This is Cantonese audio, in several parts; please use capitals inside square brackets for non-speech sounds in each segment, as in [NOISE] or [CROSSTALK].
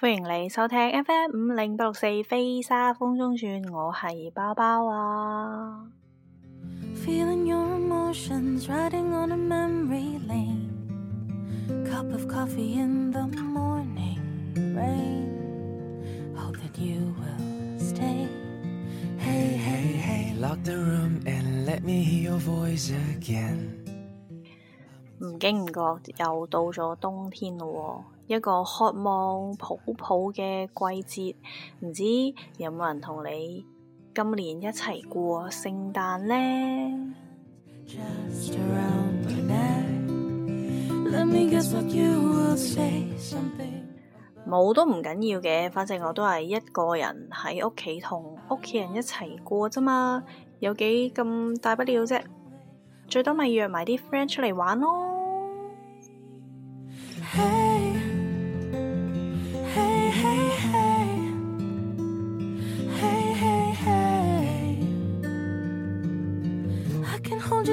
歡迎你收聽 FM 五零八六四，飛沙風中轉，我係包包啊！唔、hey, hey, hey, 經唔覺又到咗冬天咯、哦。一個渴望抱抱嘅季節，唔知有冇人同你今年一齊過聖誕呢？冇都唔緊要嘅，反正我都係一個人喺屋企同屋企人一齊過啫嘛，有幾咁大不了啫？最多咪約埋啲 friend 出嚟玩咯～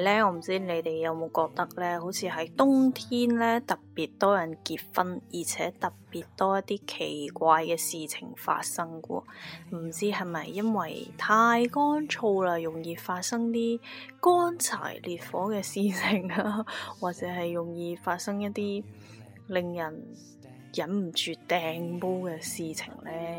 咧，我唔知你哋有冇覺得咧，好似喺冬天咧特別多人結婚，而且特別多一啲奇怪嘅事情發生嘅。唔知係咪因為太乾燥啦，容易發生啲乾柴烈火嘅事情啊，或者係容易發生一啲令人忍唔住掟煲嘅事情咧。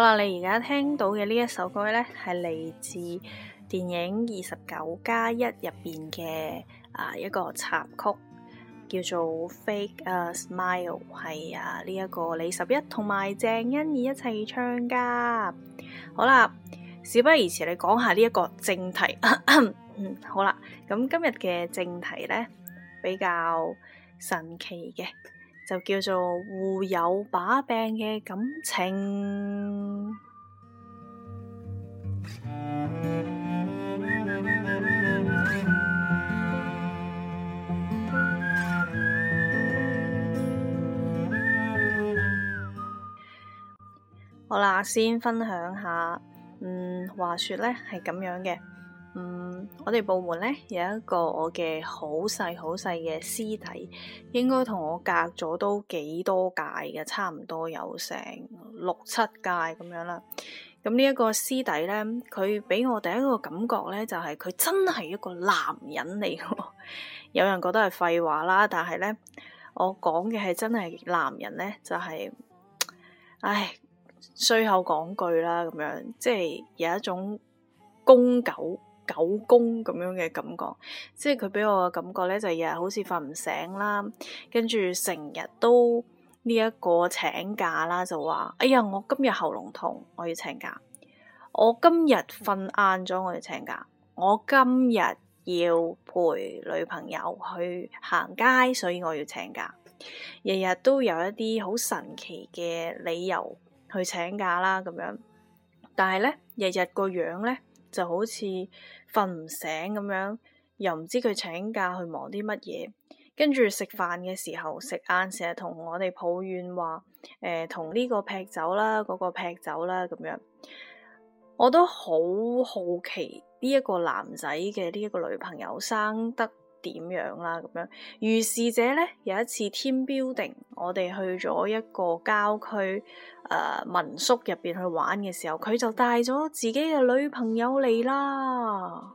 好啦，你而家聽到嘅呢一首歌咧，係嚟自電影《二十九加一》入邊嘅啊一個插曲，叫做《Fake a Smile》，係啊呢一、這個李十一同埋鄭欣宜一齊唱噶。好啦，事不宜遲，你講下呢一個正題。嗯， [COUGHS] 好啦，咁今日嘅正題咧比較神奇嘅，就叫做互有把柄嘅感情。好啦，先分享下。嗯，話說呢係咁樣嘅。嗯，我哋部門呢有一個我嘅好細好細嘅師弟，應該同我隔咗都幾多屆嘅，差唔多有成六七屆咁樣啦。咁呢一個師弟咧，佢俾我第一個感覺咧，就係、是、佢真係一個男人嚟。 [LAUGHS] 有人覺得係廢話啦，但係咧，我講嘅係真係男人咧，就係、是，唉，最後講句啦，咁樣即係有一種公狗狗公咁樣嘅感覺，即係佢俾我嘅感覺咧，就日、是、日好似瞓唔醒啦，跟住成日都。呢一個請假啦，就話：哎呀，我今日喉嚨痛，我要請假；我今日瞓晏咗，我要請假；我今日要陪女朋友去行街，所以我要請假。日日都有一啲好神奇嘅理由去請假啦，咁樣。但係咧，日日個樣咧就好似瞓唔醒咁樣，又唔知佢請假去忙啲乜嘢。跟住食飯嘅時候，食晏成日同我哋抱怨話，誒、呃，同呢個劈酒啦，嗰、那個劈酒啦，咁樣，我都好好奇呢一個男仔嘅呢一個女朋友生得點樣啦，咁樣，如是者呢，有一次 team building，我哋去咗一個郊區、呃、民宿入邊去玩嘅時候，佢就帶咗自己嘅女朋友嚟啦。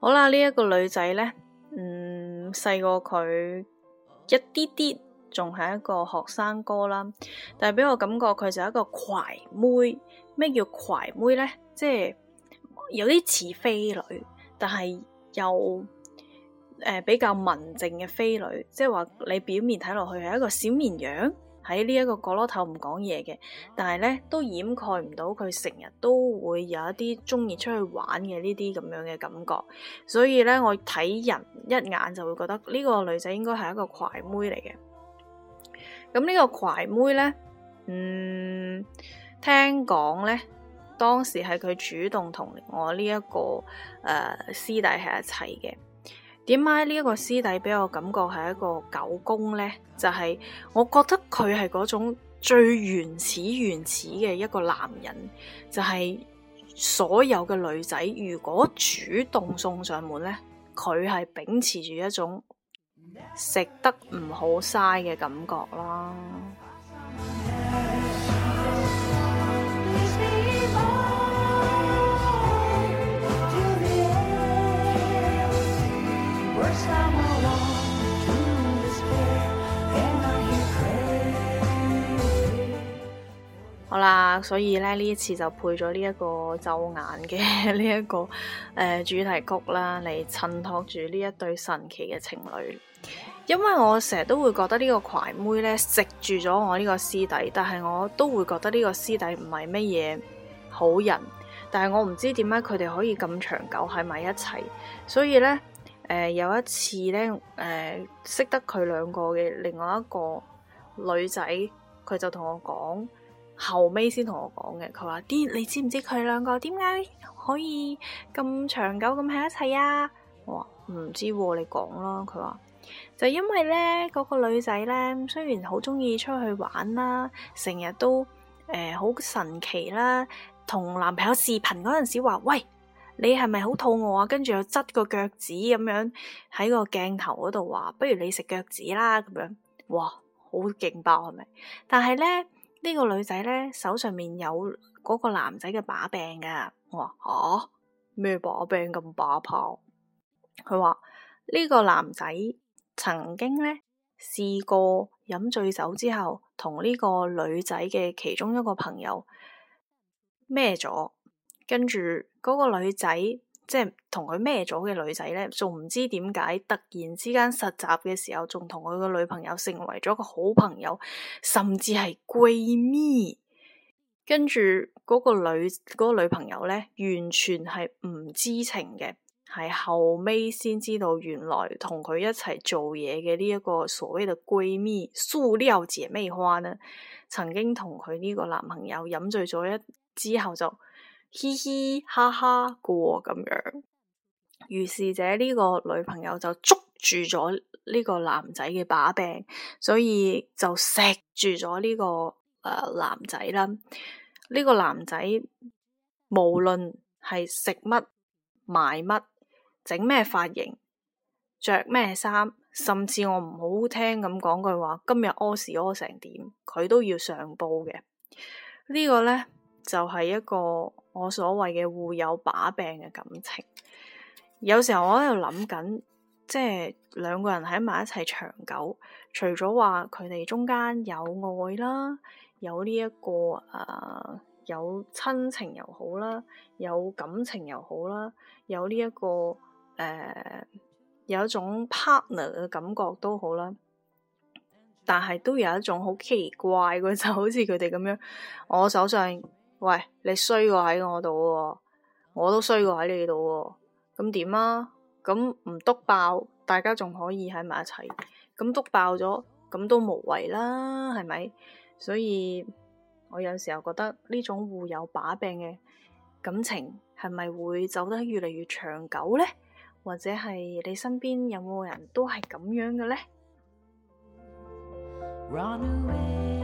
好啦，呢、這、一個女仔咧，嗯，細過佢一啲啲，仲係一個學生哥啦。但係俾我感覺佢就係一個魁妹。咩叫魁妹咧？即係有啲似飛女，但係又誒、呃、比較文靜嘅飛女。即係話你表面睇落去係一個小綿羊。喺呢一個角落頭唔講嘢嘅，但係咧都掩蓋唔到佢成日都會有一啲中意出去玩嘅呢啲咁樣嘅感覺，所以咧我睇人一眼就會覺得呢個女仔應該係一個壞妹嚟嘅。咁呢個壞妹咧，嗯，聽講咧當時係佢主動同我呢、這個呃、一個誒師弟喺一齊嘅。點解呢一個師弟俾我感覺係一個狗公呢？就係、是、我覺得佢係嗰種最原始原始嘅一個男人，就係、是、所有嘅女仔如果主動送上門呢，佢係秉持住一種食得唔好嘥嘅感覺啦。所以咧，呢一次就配咗呢一個驟眼嘅呢一個誒、呃、主題曲啦，嚟襯托住呢一對神奇嘅情侶。因為我成日都會覺得個呢個懷妹咧，食住咗我呢個師弟，但係我都會覺得呢個師弟唔係乜嘢好人。但係我唔知點解佢哋可以咁長久喺埋一齊。所以咧，誒、呃、有一次咧，誒、呃、識得佢兩個嘅另外一個女仔，佢就同我講。後尾先同我講嘅，佢話啲你知唔知佢兩個點解可以咁長久咁喺一齊啊？我話唔知，啊，你講啦。佢話就因為咧，嗰、嗰個女仔咧，雖然好中意出去玩啦，成日都誒好、呃、神奇啦。同男朋友視頻嗰陣時話喂，你係咪好肚餓啊？跟住又執個腳趾咁樣喺個鏡頭嗰度話，不如你食腳趾啦咁樣哇，好勁爆係咪？但係咧。呢個女仔咧，手上面有嗰個男仔嘅把柄噶、啊，我話，吓咩把柄咁把炮？佢話呢個男仔曾經咧試過飲醉酒之後，同呢個女仔嘅其中一個朋友咩咗，跟住嗰個女仔。即係同佢咩咗嘅女仔咧，仲唔知點解突然之間實習嘅時候，仲同佢個女朋友成為咗個好朋友，甚至係閨蜜。跟住嗰個女嗰個女朋友咧，完全係唔知情嘅，係後尾先知道原來同佢一齊做嘢嘅呢一個所謂嘅閨蜜、塑料姐妹花呢，曾經同佢呢個男朋友飲醉咗一之後就。嘻嘻哈哈過咁樣，於是者呢、這個女朋友就捉住咗呢個男仔嘅把柄，所以就錫住咗呢、這個誒、呃、男仔啦。呢、這個男仔無論係食乜、買乜、整咩髮型、着咩衫，甚至我唔好聽咁講句話，今日屙屎屙成點，佢都要上報嘅。這個、呢個咧。就係一個我所謂嘅互有把柄嘅感情。有時候我喺度諗緊，即係兩個人喺埋一齊長久，除咗話佢哋中間有愛啦，有呢、這、一個誒、呃、有親情又好啦，有感情又好啦，有呢、這、一個誒、呃、有一種 partner 嘅感覺都好啦，但係都有一種好奇怪嘅，就好似佢哋咁樣，我手上。喂，你衰過喺我度喎，我都衰過喺你度喎，咁點啊？咁唔篤爆，大家仲可以喺埋一齊，咁篤爆咗，咁都無謂啦，係咪？所以，我有時候覺得呢種互有把柄嘅感情，係咪會走得越嚟越長久呢？或者係你身邊有冇人都係咁樣嘅呢？Run away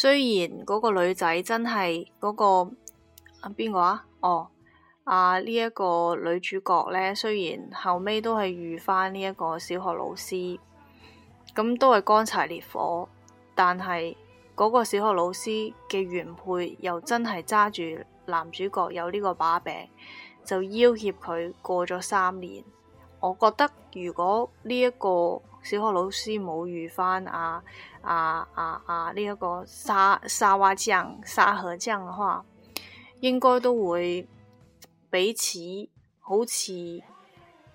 雖然嗰個女仔真係嗰個啊邊個啊？哦，啊呢一個女主角呢，雖然後尾都係遇翻呢一個小學老師，咁都係乾柴烈火，但係嗰個小學老師嘅原配又真係揸住男主角有呢個把柄，就要挾佢過咗三年。我覺得如果呢一個，小學老師冇遇翻啊啊啊啊呢一個沙沙娃醬、沙河醬嘅話，應該都會彼此好似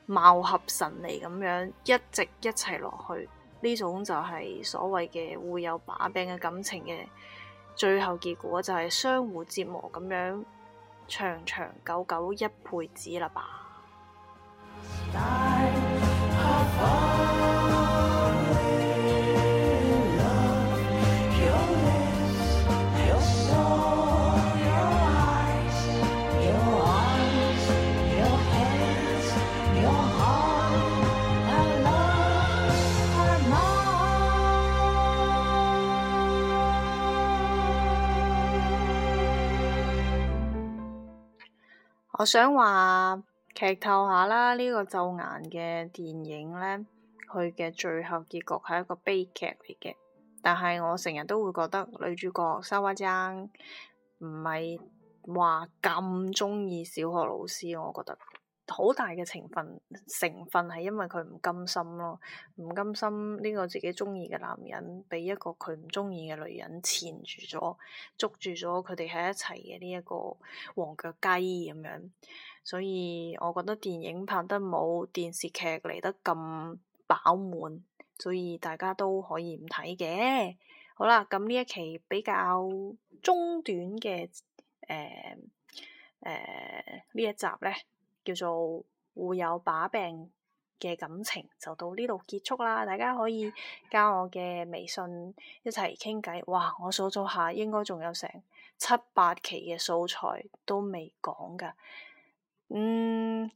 貌合神離咁樣，一直一齊落去，呢種就係所謂嘅會有把柄嘅感情嘅，最後結果就係相互折磨咁樣長長久久一輩子啦吧。 [MUSIC] 我想話劇透下啦，呢個咒怨嘅電影咧，佢嘅最後結局係一個悲劇嚟嘅。但係我成日都會覺得女主角沙娃張唔係話咁中意小學老師，我覺得。好大嘅成分成分係因為佢唔甘心咯，唔甘心呢個自己中意嘅男人俾一個佢唔中意嘅女人纏住咗，捉住咗佢哋喺一齊嘅呢一個黃腳雞咁樣，所以我覺得電影拍得冇電視劇嚟得咁飽滿，所以大家都可以唔睇嘅。好啦，咁呢一期比較中短嘅，誒誒呢一集咧。叫做互有把柄嘅感情，就到呢度結束啦。大家可以加我嘅微信一齊傾偈。哇，我數咗下，應該仲有成七八期嘅素材都未講噶。嗯，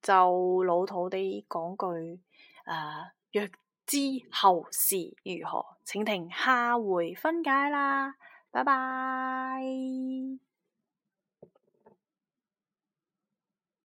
就老土地講句，誒、呃，若知後事如何，請聽下回分解啦。拜拜。